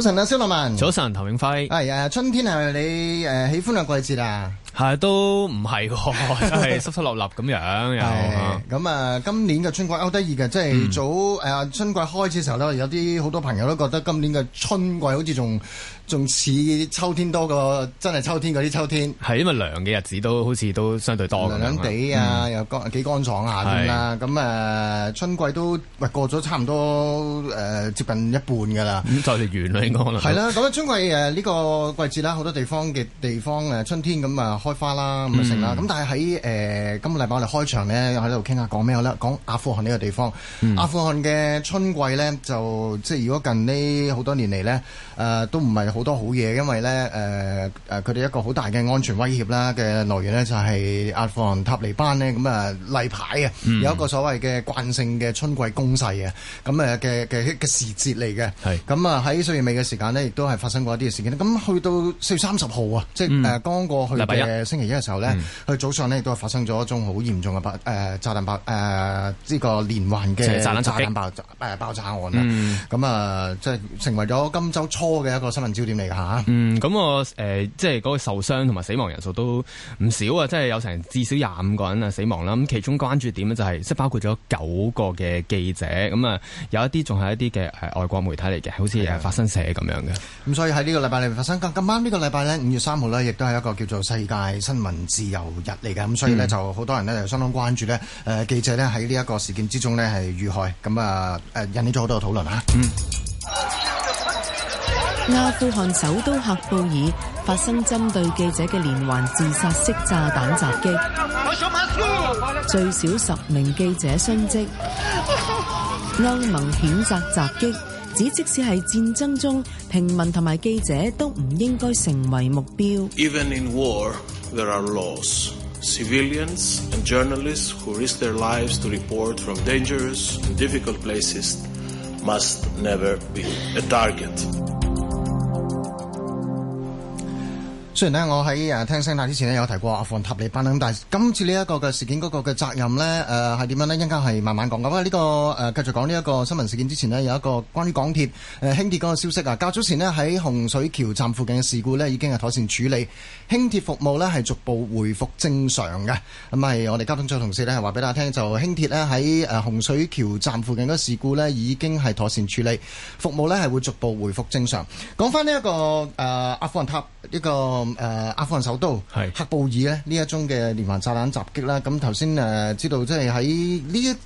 早晨啊，肖樂文。早晨，唐永輝。係啊，春天係咪你誒喜歡嘅季節啊？係、啊、都唔係， 真係濕濕立立咁樣。係咁啊！今年嘅春季好得意嘅，即係早誒、嗯啊、春季開始嘅時候呢有啲好多朋友都覺得今年嘅春季好似仲仲似秋天多過真係秋天嗰啲秋天。係因為涼嘅日子都好似都相對多。涼涼地啊，又乾、嗯、幾乾爽下啦、啊。咁是啊，春季都過過咗差唔多誒、呃、接近一半㗎啦。咁就嚟完啦應該。係啦、啊，咁 春季呢、啊呢個季節啦，好、啊、多地方嘅地方、啊、春天咁啊。開花啦咁啊成啦咁，嗯、但係喺誒今個禮拜我哋開場咧，又喺度傾下講咩好咧？講阿富汗呢個地方，嗯、阿富汗嘅春季咧，就即係如果近呢好多年嚟咧，誒、呃、都唔係好多好嘢，因為咧誒誒佢哋一個好大嘅安全威脅啦嘅來源咧，就係、是、阿富汗塔利班呢咁啊例牌啊，啊嗯、有一個所謂嘅慣性嘅春季攻勢啊，咁啊嘅嘅嘅時節嚟嘅，係咁是啊喺四月尾嘅時間呢，亦都係發生過一啲嘅事件。咁去到四月三十號啊，即係誒、嗯、剛過去禮拜星期一嘅時候咧，佢早上咧亦都發生咗一宗好嚴重嘅爆誒炸彈爆誒呢、呃呃呢個連環嘅炸彈炸彈爆炸爆炸案啦。咁啊、嗯，即係成為咗今週初嘅一個新聞焦點嚟㗎嚇。咁、嗯、我誒即係嗰個受傷同埋死亡人數都唔少啊！即、就、係、是、有成至少廿五個人啊死亡啦。咁其中關注點咧就係即包括咗九個嘅記者，咁啊有一啲仲係一啲嘅外國媒體嚟嘅，好似係法新社咁樣嘅。咁、嗯、所以喺呢個禮拜裏面發生，咁啱呢個禮拜咧五月三號咧，亦都係一個叫做世界係新聞自由日嚟嘅，咁所以咧就好多人咧就相當關注咧，誒記者呢喺呢一個事件之中呢係遇害，咁啊誒引起咗好多嘅討論啊。嗯，阿富汗首都喀布爾發生針對記者嘅連環自殺式炸彈襲擊，最少十名記者殉職。歐盟譴責襲擊。只即使喺戰爭中，平民同埋記者都唔應該成為目標。Even in war, there are laws. 雖然呢我喺誒聽聲帶之前呢有提過阿富汗塔利班，啦，咁但今次呢一個嘅事件嗰個嘅責任呢誒係點樣呢？一陣間係慢慢講咁喂，呢、這個誒繼續講呢一個新聞事件之前呢有一個關於港鐵誒輕鐵嗰個消息啊。較早前呢喺洪水橋站附近嘅事故呢已經係妥善處理，輕鐵服務咧係逐步回復正常嘅。咁係我哋交通處同事呢係話俾大家聽，就輕鐵呢喺洪水橋站附近嘅事故呢已經係妥善處理，服務呢係會逐步回復正常。講翻呢一個誒、呃、阿富汗塔呢、這個誒，阿富汗首都係是喀布爾咧，呢一宗嘅連環炸彈襲擊啦，咁頭先誒知道即係喺呢一。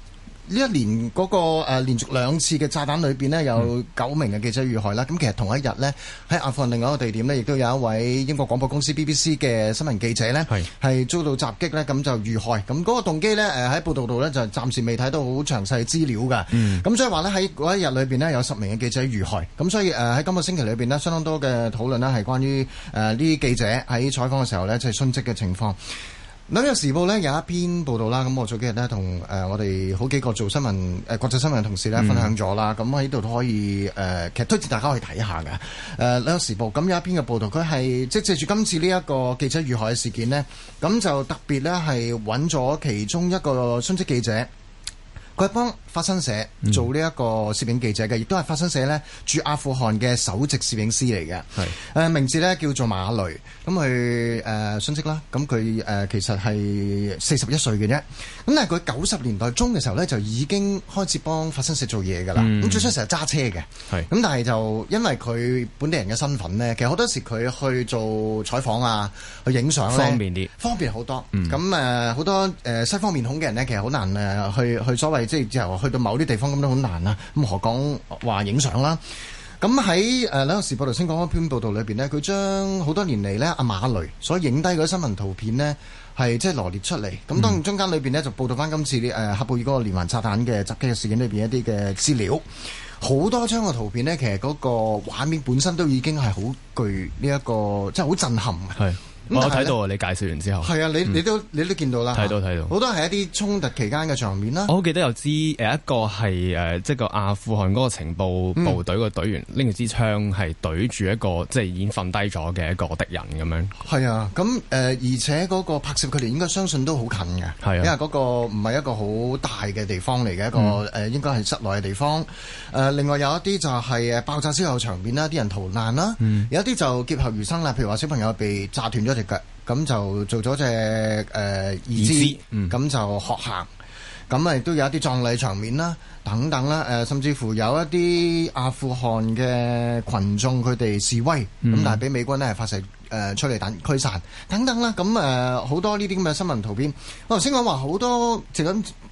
呢一年嗰、那個誒、啊、連續兩次嘅炸彈裏面呢，有九名嘅記者遇害啦。咁、嗯、其實同一日呢，喺阿富汗另一個地點呢，亦都有一位英國廣播公司 BBC 嘅新聞記者呢，係是 遭到襲擊呢。咁就遇害。咁嗰個動機呢，喺報道度呢，就暫時未睇到好詳細資料㗎。咁、嗯、所以話呢，喺嗰一日裏面呢，有十名嘅記者遇害。咁所以誒喺今個星期裏面呢，相當多嘅討論呢，係關於誒呢、呃、記者喺採訪嘅時候呢，就係、是、殉職嘅情況。《紐約時報》呢有一篇報道啦，咁我早幾日呢，同誒我哋好幾個做新聞誒國際新聞嘅同事呢，分享咗啦，咁喺度都可以誒，其、呃、實推薦大家去睇下嘅。誒、呃，《紐約時報》咁有一篇嘅報道，佢係即係借住今次呢一個記者遇害嘅事件呢，咁就特別呢係揾咗其中一個殉職記者。佢係幫法新社做呢一個攝影記者嘅，亦都係法新社咧駐阿富汗嘅首席攝影師嚟嘅。係誒是、呃、名字咧叫做馬雷。咁佢誒信息，啦，咁佢誒其實係四十一歲嘅啫。咁但係佢九十年代中嘅時候咧，就已經開始幫法新社做嘢㗎啦。咁、嗯、最初成日揸車嘅，係咁是但係就因為佢本地人嘅身份咧，其實好多時佢去做採訪啊、去影相方便啲，方便好多。咁誒好多誒西方面孔嘅人咧，其實好難誒去去所謂。即係之後去到某啲地方咁都好難啦，咁何講話影相啦？咁喺《紐約時報》頭先講開篇報導裏邊呢，佢將好多年嚟呢阿馬雷所影低嗰啲新聞圖片呢係即係羅列出嚟。咁、嗯、當然中間裏面呢，就報導翻今次誒喀布爾嗰個連環炸彈嘅襲擊事件裏面一啲嘅資料，好多張嘅圖片呢，其實嗰個畫面本身都已經係好具呢、這、一個即係好震撼嘅。哦、我睇到啊！你介紹完之後，係啊！你你都、嗯、你都見到啦。睇到睇到，好多係一啲衝突期間嘅場面啦。我好、哦、記得有知一個係即係個阿富汗嗰個情報部隊嘅隊員拎住、嗯、支槍係懟住一個即係已經瞓低咗嘅一個敵人咁樣。係啊，咁、呃、而且嗰個拍攝距離應該相信都好近嘅，啊、因為嗰個唔係一個好大嘅地方嚟嘅，一個誒應該係室內嘅地方、嗯呃地方呃。另外有一啲就係爆炸之後場面啦，啲人逃難啦，嗯、有啲就劫後餘生啦，譬如話小朋友被炸斷咗。隻嘅咁就做咗隻誒兒子，咁、嗯、就學行，咁啊亦都有一啲葬禮場面啦，等等啦，誒、呃，甚至乎有一啲阿富汗嘅群眾佢哋示威，咁、嗯、但係俾美軍呢係發射。誒催淚彈驅散等等啦，咁誒好多呢啲咁嘅新聞圖片，我頭先講話好多，即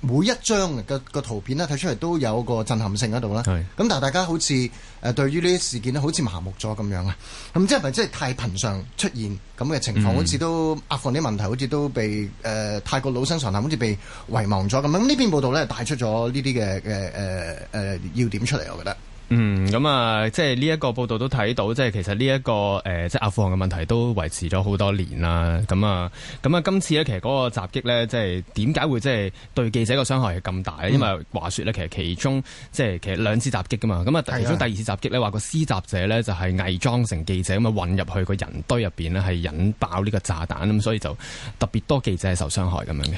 每一張嘅個圖片咧，睇出嚟都有個震撼性喺度啦。咁是但係大家好似誒對於呢啲事件咧，好似麻木咗咁樣啊？咁即係咪即係太頻常出現咁嘅情況，嗯、好似都壓過啲問題，好似都被誒、呃、太過老生常談，好似被遺忘咗咁樣。咁呢篇報道咧，帶出咗呢啲嘅嘅誒誒要點出嚟，我覺得。嗯，咁啊，即係呢一個報道都睇到，即係其實呢、這、一個誒、呃，即係阿富汗嘅問題都維持咗好多年啦。咁啊，咁啊，今次咧其實嗰個襲擊咧，即係點解會即係對記者個傷害係咁大、嗯、因為話說咧，其實其中即係其實兩次襲擊噶嘛。咁啊，其中第二次襲擊咧，話個施襲者咧就係偽裝成記者咁啊混入去個人堆入邊咧，係引爆呢個炸彈咁，所以就特別多記者係受傷害咁樣嘅。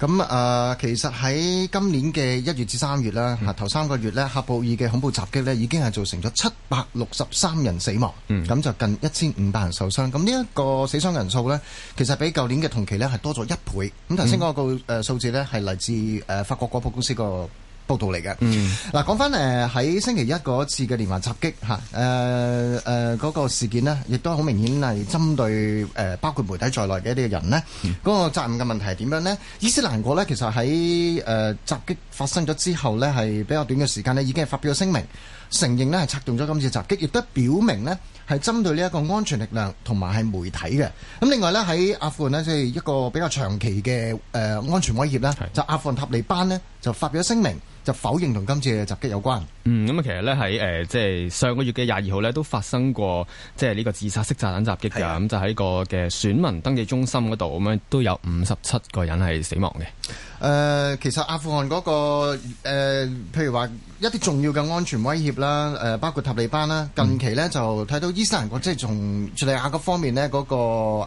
咁啊、呃，其實喺今年嘅一月至三月啦，嚇、嗯、頭三個月呢，喀布爾嘅恐怖襲擊呢已經係造成咗七百六十三人死亡，咁、嗯、就近一千五百人受傷。咁呢一個死傷人數呢，其實比舊年嘅同期呢係多咗一倍。咁頭先講個誒數字呢，係嚟、嗯、自誒法國廣播公司個報道嚟嘅，嗱講返誒喺星期一嗰次嘅連環襲擊嚇，誒誒嗰個事件呢，亦都好明顯係針對誒包括媒體在內嘅一啲人呢，呢個責任嘅問題係點樣呢？伊斯蘭國呢，其實喺誒襲擊發生咗之後呢，係比較短嘅時間呢，已經係發表咗聲明，承認呢係策動咗今次嘅襲擊，亦都表明呢係針對呢一個安全力量同埋係媒體嘅。咁另外呢喺阿富汗呢，即係一個比較長期嘅誒安全威脅啦，就阿富汗塔利班呢就發表咗聲明。就否認同今次嘅襲擊有關嗯。嗯，咁、嗯、啊，其實咧喺誒，即、呃、係、就是、上個月嘅廿二號咧，都發生過即係呢個自殺式炸彈襲擊噶，咁、啊、就喺個嘅選民登記中心嗰度，咁、嗯、樣都有五十七個人係死亡嘅。誒，其實阿富汗嗰、那個、呃、譬如話一啲重要嘅安全威脅啦，誒、呃，包括塔利班啦，近期呢、嗯、就睇到伊斯蘭國，即係從敍利亞嗰方面呢、那個，嗰、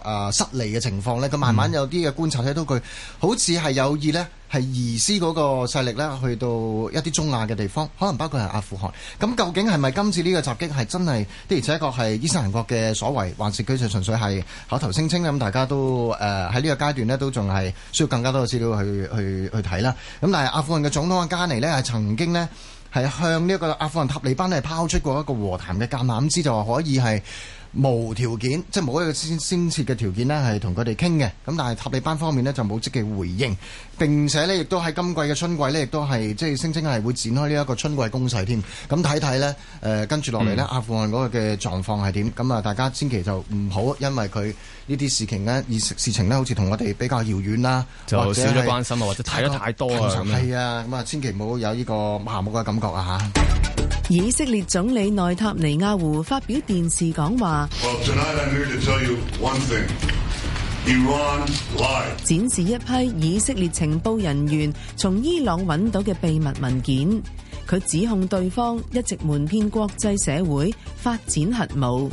呃、個失利嘅情況咧，佢慢慢有啲嘅觀察睇、嗯、到佢好似係有意呢。係伊斯嗰個勢力呢，去到一啲中亞嘅地方，可能包括係阿富汗。咁究竟係咪今次呢個襲擊係真係的而且確係伊斯蘭國嘅所為，還是佢就純粹係口頭聲稱呢？咁大家都誒喺呢個階段呢，都仲係需要更加多嘅資料去去去睇啦。咁但係阿富汗嘅總統阿加尼呢，係曾經呢，係向呢個阿富汗塔利班咧拋出過一個和談嘅橄欖枝，就話可以係。無條件，即係冇一個先先設嘅條件呢，係同佢哋傾嘅。咁但係塔利班方面呢，就冇積極回應。並且呢，亦都喺今季嘅春季呢，亦都係即係聲稱係會展開呢一個春季攻勢添。咁睇睇呢，誒跟住落嚟呢，嗯、阿富汗嗰個嘅狀況係點？咁啊，大家千祈就唔好因為佢呢啲事情呢，而事情呢，好似同我哋比較遙遠啦，或者少咗關心或者睇得太多啊。係啊，咁啊千祈唔好有呢個麻木嘅感覺啊嚇。以色列總理內塔尼亞胡發表電視講話，well, 展示一批以色列情報人員從伊朗揾到嘅秘密文件。佢指控對方一直瞞騙國際社會發展核武。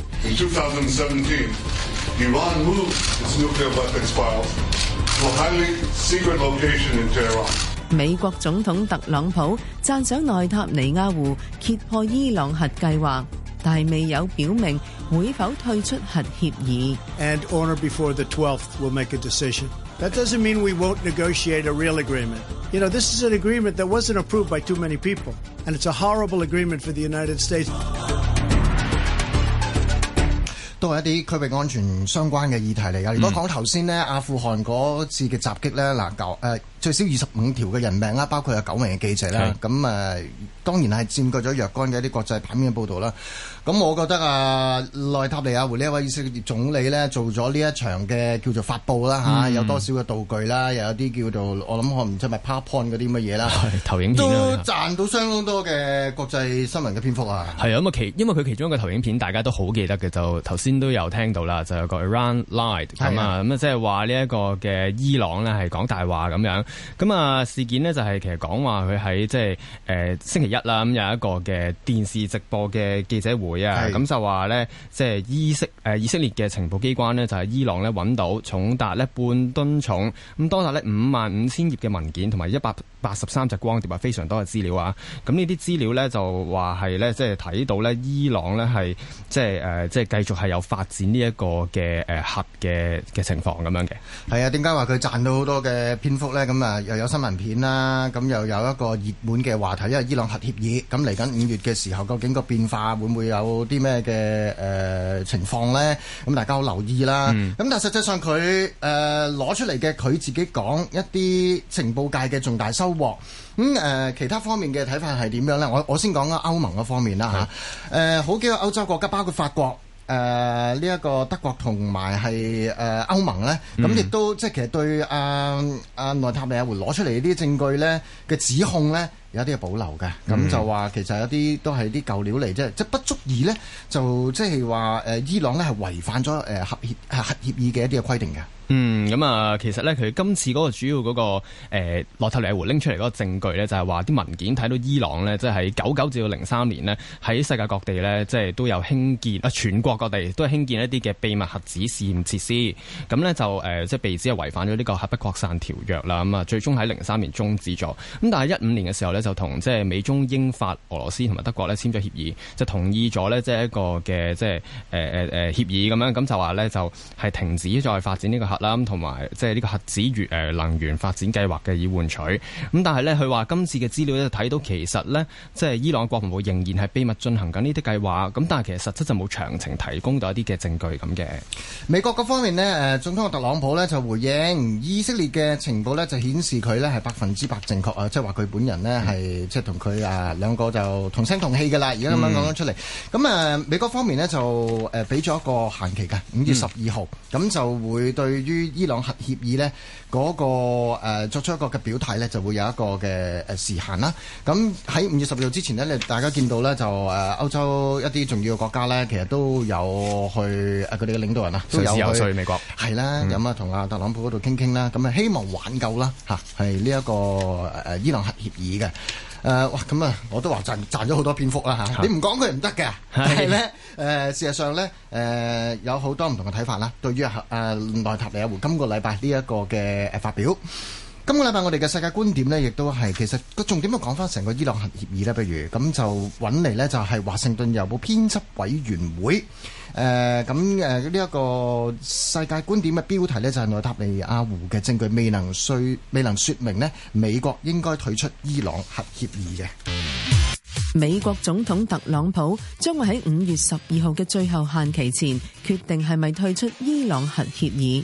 美國總統特朗普讚賞內塔尼亞胡揭破伊朗核計劃，但係未有表明會否退出核協議。都係一啲區域安全相關嘅議題嚟噶。如果講頭先咧阿富汗嗰次嘅襲擊咧，嗱九誒最少二十五條嘅人命啦，包括有九名嘅記者啦。咁誒是的 當然係佔據咗若干嘅一啲國際版面嘅報導啦。咁我覺得啊，內塔尼亞胡呢一位以色列總理咧，做咗呢一場嘅叫做發佈啦吓、嗯、有多少嘅道具啦，又有啲叫做我諗可能唔係咪 PowerPoint 嗰啲乜嘢啦，投影片都賺到相當多嘅國際新聞嘅篇幅啊！係啊咁啊其因為佢其、其中一個投影片大家都好記得嘅，就頭先都有聽到啦，就有個 Iran lie 咁啊咁啊，即係話呢一個嘅伊朗咧係講大話咁樣咁啊，事件咧就係、是、其實講話佢喺即係誒星期一啦，咁有一個嘅電視直播嘅記者啊，咁是就話咧，即係伊色誒，以色列嘅情報機關咧，就喺伊朗咧揾到重達咧半噸重，咁多達咧五萬五千頁嘅文件同埋一百八十三隻光碟啊，非常多嘅資料啊，咁呢啲資料呢，就話係呢，即係睇到呢，伊朗呢係即係誒，即係繼續係有發展呢一個嘅誒核嘅嘅情況咁樣嘅。係啊，點解話佢賺到好多嘅篇幅呢？咁啊又有新聞片啦，咁又有一個熱門嘅話題，因為伊朗核協議，咁嚟緊五月嘅時候，究竟個變化會唔會有啲咩嘅誒情況呢？咁大家好留意啦。咁、嗯、但實際上佢誒攞出嚟嘅，佢自己講一啲情報界嘅重大收。咁誒、嗯呃，其他方面嘅睇法係點樣咧？我我先講歐盟嗰方面啦嚇。誒是、啊，好幾個歐洲國家，包括法國誒呢一個德國同埋係誒歐盟咧，咁亦、嗯、都即係其實對阿阿內塔尼亞胡攞出嚟呢啲證據咧嘅指控咧，有一啲係保留嘅。咁、嗯、就話其實有啲都係啲舊料嚟啫，即、就是、不足以咧就即係話誒伊朗咧係違反咗誒、呃、核協核協議嘅一啲嘅規定嘅。嗯，咁、嗯、啊，其實咧，佢今次嗰個主要嗰、那個誒、呃，內塔尼亞胡拎出嚟嗰個證據咧，就係話啲文件睇到伊朗呢，即係九九至到零三年呢，喺世界各地呢，即係都有興建啊，全國各地都係興建一啲嘅秘密核子試驗設施。咁呢，就、呃、誒，即係被指係違反咗呢個核不擴散條約啦。咁啊，最終喺零三年中止咗。咁但係一五年嘅時候呢，就同即係美、中、英、法、俄羅斯同埋德國呢簽咗協議，就同意咗呢，即係一個嘅即係誒誒誒協議咁樣。咁就話呢，就係停止再發展呢個核。同埋即係呢個核子月能源發展計劃嘅以換取。咁但係呢，佢話今次嘅資料就睇到其實呢，即係伊朗國防部仍然係秘密進行緊呢啲計劃。咁但係其實實質就冇詳情提供到一啲嘅證據咁嘅。美國嗰方面呢，誒總統特朗普呢就回應以色列嘅情報呢就顯示佢呢係百分之百正確啊！即係話佢本人呢係即係同佢啊兩個就同聲同氣㗎啦。而家咁樣講咗出嚟。咁、嗯、美國方面呢就誒俾咗一個限期嘅五月十二號，咁、嗯、就會對。於伊朗核協議呢，嗰、那個、呃、作出一個嘅表態呢，就會有一個嘅誒時限啦。咁喺五月十六號之前呢，你大家見到呢，就誒、呃、歐洲一啲重要嘅國家呢，其實都有去佢哋嘅領導人啊，都有去美國係啦。咁啊、嗯，同阿特朗普嗰度傾傾啦。咁、嗯、啊，嗯、希望挽救啦吓，係呢一個伊朗核協議嘅。誒、呃、哇，咁啊，我都話賺咗好多篇幅啦。你唔講佢唔得嘅，係是呢、呃，事實上呢，誒、呃，有好多唔同嘅睇法啦。對於內塔誒、呃李阿胡，今個禮拜呢一個嘅發表，今個禮拜我哋嘅世界觀點呢，亦都係其實個重點都講翻成個伊朗核協議啦。不如咁就揾嚟呢，就係華盛頓郵報編輯委員會誒，咁誒呢一個世界觀點嘅標題呢，就係內塔尼亞胡嘅證據未能說未能說明呢，美國應該退出伊朗核協議嘅。美國總統特朗普將會喺五月十二號嘅最後限期前，決定係咪退出伊朗核協議。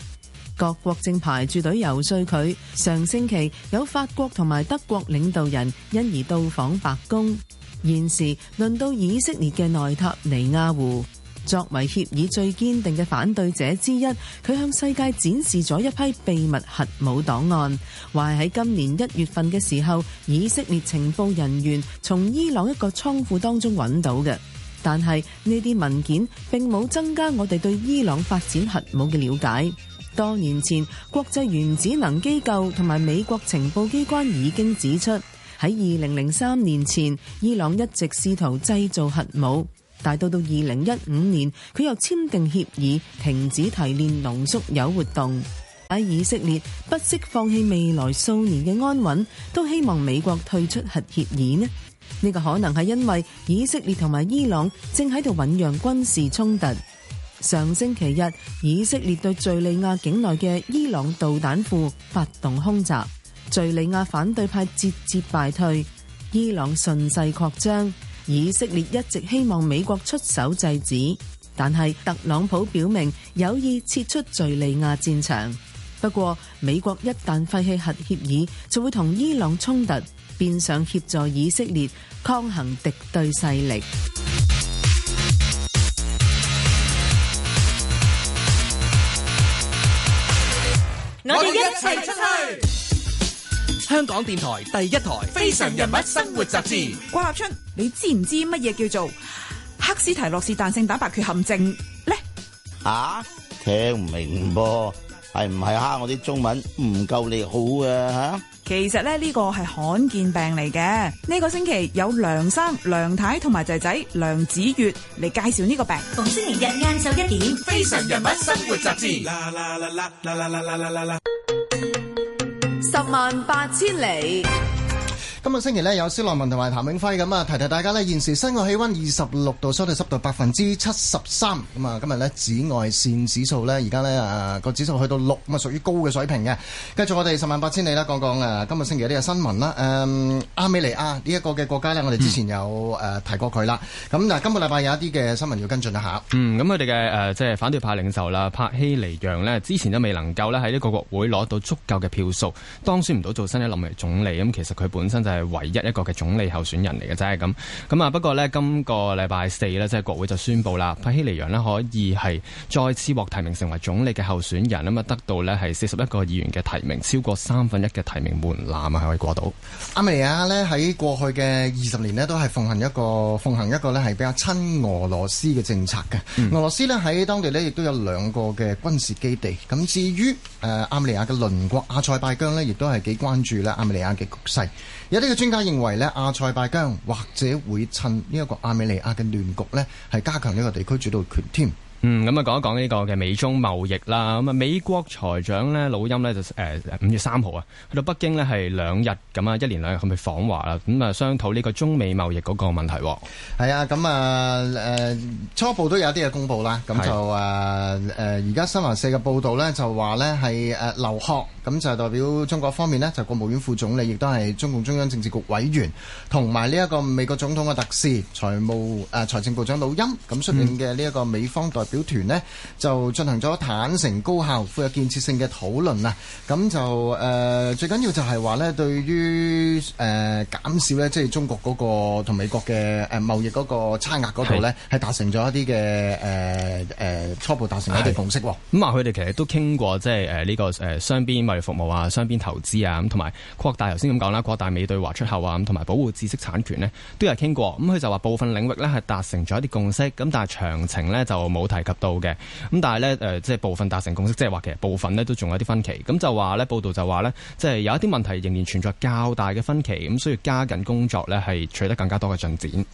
各國正排住隊游說佢，上星期有法國同埋德國領導人因而到訪白宮。現時輪到以色列嘅內塔尼亞胡，作為協議最堅定嘅反對者之一，佢向世界展示咗一批秘密核武檔案，話喺今年一月份嘅時候，以色列情報人員從伊朗一個倉庫當中揾到嘅。但係呢啲文件並冇增加我哋對伊朗發展核武嘅了解。多年前，國際原子能機構同埋美國情報機關已經指出，喺二零零三年前，伊朗一直試圖製造核武，但到到二零一五年，佢又簽訂協議停止提煉濃縮鈾活動，喺以色列不惜放棄未來數年嘅安穩，都希望美國退出核協議呢？呢、呢個可能係因為以色列同埋伊朗正喺度醞釀軍事衝突。上星期日，以色列對敘利亞境內嘅伊朗導彈庫發動空襲，敘利亞反對派節節敗退，伊朗順勢擴張。以色列一直希望美國出手制止，但係特朗普表明有意撤出敘利亞戰場。不過，美國一旦廢棄核協議，就會同伊朗衝突，變相協助以色列抗衡敵對勢力。我哋一齊出去！出去香港電台第一台《非常人物生活雜誌》掛出你知唔知乜嘢叫做黑斯提洛士彈性蛋白缺陷症咧？吓，聽唔明噃？係唔係啊？我啲中文唔夠你好啊。吓。其實咧，呢個係罕見病嚟嘅。呢個星期有梁生、梁太同埋仔仔梁子月嚟介紹呢個病。逢星期日晏晝一點，《非常人物生活雜誌》啦。啦啦啦啦啦啦啦啦啦！啦啦啦十萬八千里。今日星期呢，有蕭樂文同埋譚永輝咁啊，提提大家呢。現時室外氣溫二十六度，相對濕度百分之七十三。咁啊，今日呢，紫外線指數呢，而家呢啊，個指數去到六，咁啊屬於高嘅水平嘅。跟住我哋十萬八千里啦，講講誒今日星期呢嘅新聞啦。誒、啊，亞美尼亞呢一個嘅國家呢，我哋之前有誒提過佢啦。咁嗱、嗯，今個禮拜有一啲嘅新聞要跟進一下。嗯，咁佢哋嘅誒即係反對派領袖啦，帕希尼揚呢，之前都未能夠呢喺呢個國會攞到足夠嘅票數，當選唔到做新一任嘅總理。咁其實佢本身就係、是。係唯一一個嘅總理候選人嚟嘅啫，咁咁啊！不過呢，今個禮拜四呢，即係國會就宣布啦，帕希尼揚呢可以係再次獲提名成為總理嘅候選人，咁啊，得到呢係四十一個議員嘅提名，超過三分一嘅提名門檻啊，係可以過到。亞美尼亞呢，喺過去嘅二十年呢都係奉行一個奉行一個呢係比較親俄羅斯嘅政策嘅。嗯、俄羅斯呢喺當地呢亦都有兩個嘅軍事基地。咁至於誒、呃、亞美尼亞嘅鄰國阿塞拜疆呢，亦都係幾關注呢亞美尼亞嘅局勢。有啲專家認為咧，阿塞拜疆或者會趁呢一個亞美尼亞嘅亂局呢，係加強呢個地區主導權添。嗯，咁啊講一講呢，這個嘅美中貿易啦，咁、嗯、啊美國財長呢，努欽呢，就誒五、呃、月三號啊，去到北京呢，係兩日咁啊，一連兩日係咪訪華啦，咁啊商討呢個中美貿易嗰個問題。係啊，咁啊誒初步都有啲嘅公布啦，咁就誒誒而家新華社嘅報道呢，就話呢係誒劉鶴，咁就代表中國方面呢，就是，國務院副總理，亦都係中共中央政治局委員，同埋呢一個美國總統嘅特使，財務誒財、啊、政部長努欽，咁出面嘅呢一個美方代表，嗯。表團呢就進行咗坦誠、高效、富有建設性嘅討論啊！咁就、呃、最緊要就係話呢，對於誒、呃、減少呢，即、就、係、是、中國嗰個同美國嘅誒、呃、貿易嗰個差額嗰度呢，係是達成咗一啲嘅、呃、初步達成一啲共識喎。咁啊是，佢哋、嗯、其實都傾過，即係呢個誒雙邊貿易服務啊、雙邊投資啊，咁同埋擴大頭先咁講啦，擴大美對華出口啊，咁同埋保護知識產權呢，都有傾過。咁佢就話部分領域呢，係達成咗一啲共識，咁但係詳情呢，就冇提及到嘅咁，但係呢誒、呃，即係部分達成共識，即係話其實部分呢都仲有啲分歧，咁就話呢報道就話呢即係、就是、有一啲問題仍然存在較大嘅分歧，咁需要加緊工作呢係取得更加多嘅進展。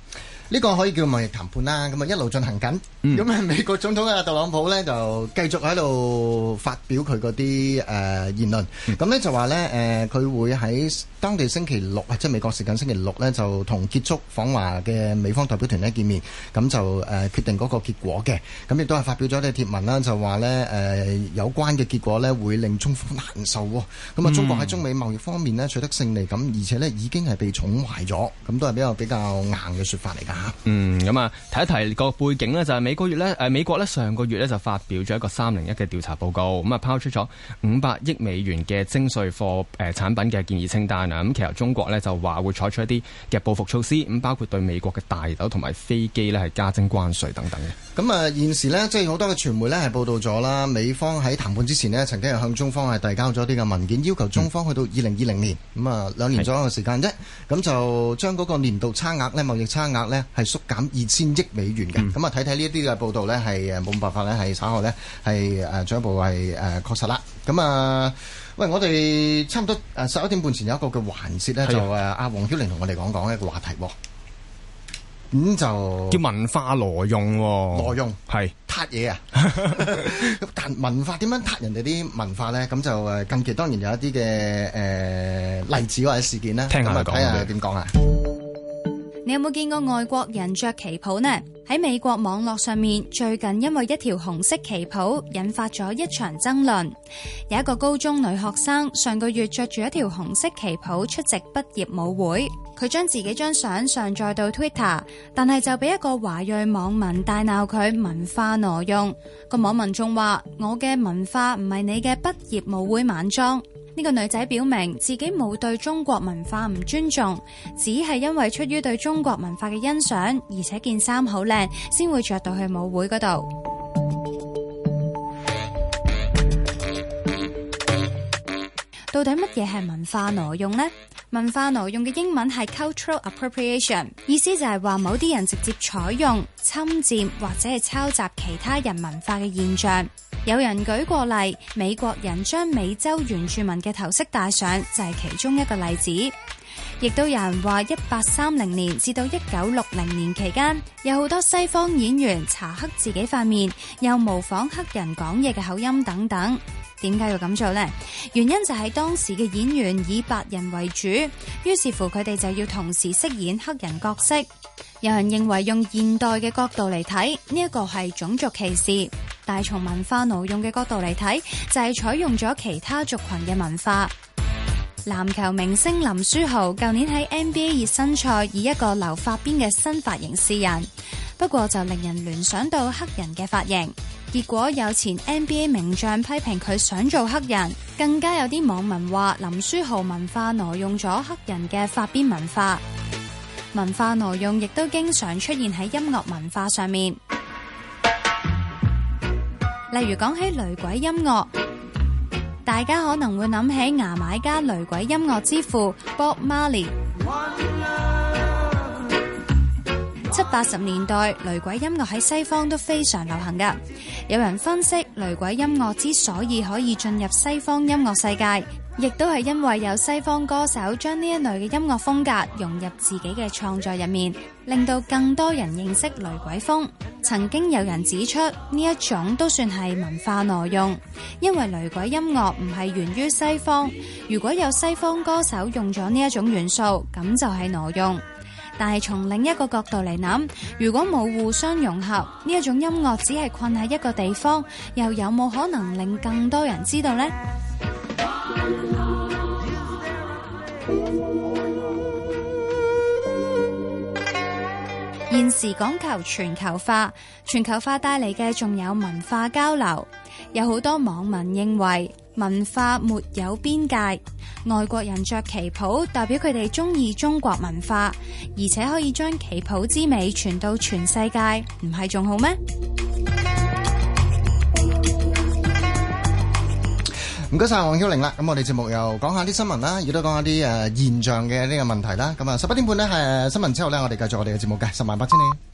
呢個可以叫貿易談判啦，咁啊一路進行緊。咁啊美國總統啊特朗普咧就繼續喺度發表佢嗰啲誒言論。咁咧就話咧誒佢會喺當地星期六，即係美國時間星期六咧就同結束訪華嘅美方代表團咧見面，咁就誒決定嗰個結果嘅。咁亦都係發表咗一啲貼文啦，就話咧誒有關嘅結果咧會令中方難受喎。咁啊中國喺中美貿易方面咧取得勝利，咁而且咧已經係被寵壞咗，咁都係比較比較硬嘅説法嚟㗎。嗯，咁啊，提一提個背景咧，就係每個月咧，誒，美國咧上個月咧就發表咗一個三零一嘅調查報告，咁啊拋出咗五百億美元嘅徵稅貨誒產品嘅建議清單啊，咁其實中國咧就話會採取一啲嘅報復措施，咁包括對美國嘅大豆同埋飛機咧係加徵關稅等等嘅。咁啊，現時呢即係好多嘅傳媒呢係報道咗啦，美方喺談判之前呢曾經係向中方係遞交咗啲嘅文件，要求中方去到二零二零年，咁啊、嗯、兩年左右嘅時間啫，咁是的 就將嗰個年度差額呢貿易差額呢係縮減二千億美元嘅，咁啊睇睇呢一啲嘅報道呢係誒冇辦法呢係稍後呢係誒進一步係誒確實啦。咁啊，喂，我哋差唔多誒十一點半前有一個嘅環節呢就誒阿黃曉玲同我哋講講一個話題喎。咁就叫文化挪用，挪用係撻嘢啊，但文化點樣撻人哋啲文化咧？咁就誒，近期當然有一啲嘅誒例子或者事件啦。聽下睇下，點講啊？你有冇見過外國人着旗袍呢？喺美國網絡上面，最近因為一條紅色旗袍引發咗一場爭論。有一個高中女學生上個月着住一條紅色旗袍出席畢業舞會。佢將自己張相上載到 Twitter，但係就俾一個華裔網民大鬧佢文化挪用。個網民仲話：我嘅文化唔係你嘅畢業舞會晚裝。呢個女仔表明自己冇對中國文化唔尊重，只係因為出於對中國文化嘅欣賞，而且件衫好靚，先會着到去舞會嗰度。到底乜嘢係文化挪用呢？文化挪用嘅英文係 cultural appropriation，意思就係話某啲人直接採用、侵占或者係抄襲其他人文化嘅現象。有人舉過例，美國人將美洲原住民嘅頭飾戴上就係、是、其中一個例子。亦都有人話，一八三零年至到一九六零年期間，有好多西方演員搽黑自己塊面，又模仿黑人講嘢嘅口音等等。點解要咁做呢？原因就係當時嘅演員以白人為主，於是乎佢哋就要同時飾演黑人角色。有人認為用現代嘅角度嚟睇，呢一個係種族歧視；但係從文化挪用嘅角度嚟睇，就係採用咗其他族群嘅文化。籃球明星林書豪舊年喺 NBA 熱身賽以一個留髮邊嘅新髮型示人，不過就令人聯想到黑人嘅髮型。結果有前 NBA 名將批評佢想做黑人，更加有啲網民話林書豪文化挪用咗黑人嘅髮辮文化。文化挪用亦都經常出現喺音樂文化上面，例如講起雷鬼音樂，大家可能會諗起牙買加雷鬼音樂之父 Bob Marley。七八十年代雷鬼音樂喺西方都非常流行㗎。有人分析，雷鬼音樂之所以可以進入西方音樂世界，亦都係因為有西方歌手將呢一類嘅音樂風格融入自己嘅創作入面，令到更多人認識雷鬼風。曾經有人指出，呢一種都算係文化挪用，因為雷鬼音樂唔係源於西方。如果有西方歌手用咗呢一種元素，咁就係挪用。但係從另一個角度嚟諗，如果冇互相融合，呢一種音樂只係困喺一個地方，又有冇可能令更多人知道呢？ 現時講求全球化，全球化帶嚟嘅仲有文化交流，有好多網民認為文化沒有邊界。外國人着旗袍，代表佢哋中意中國文化，而且可以將旗袍之美傳到全世界，唔係仲好咩？唔該晒黃曉玲啦，咁我哋節目又講下啲新聞啦，亦都講下啲誒現象嘅呢個問題啦。咁啊，十八點半咧係新聞之後咧，我哋繼續我哋嘅節目嘅十萬八千里。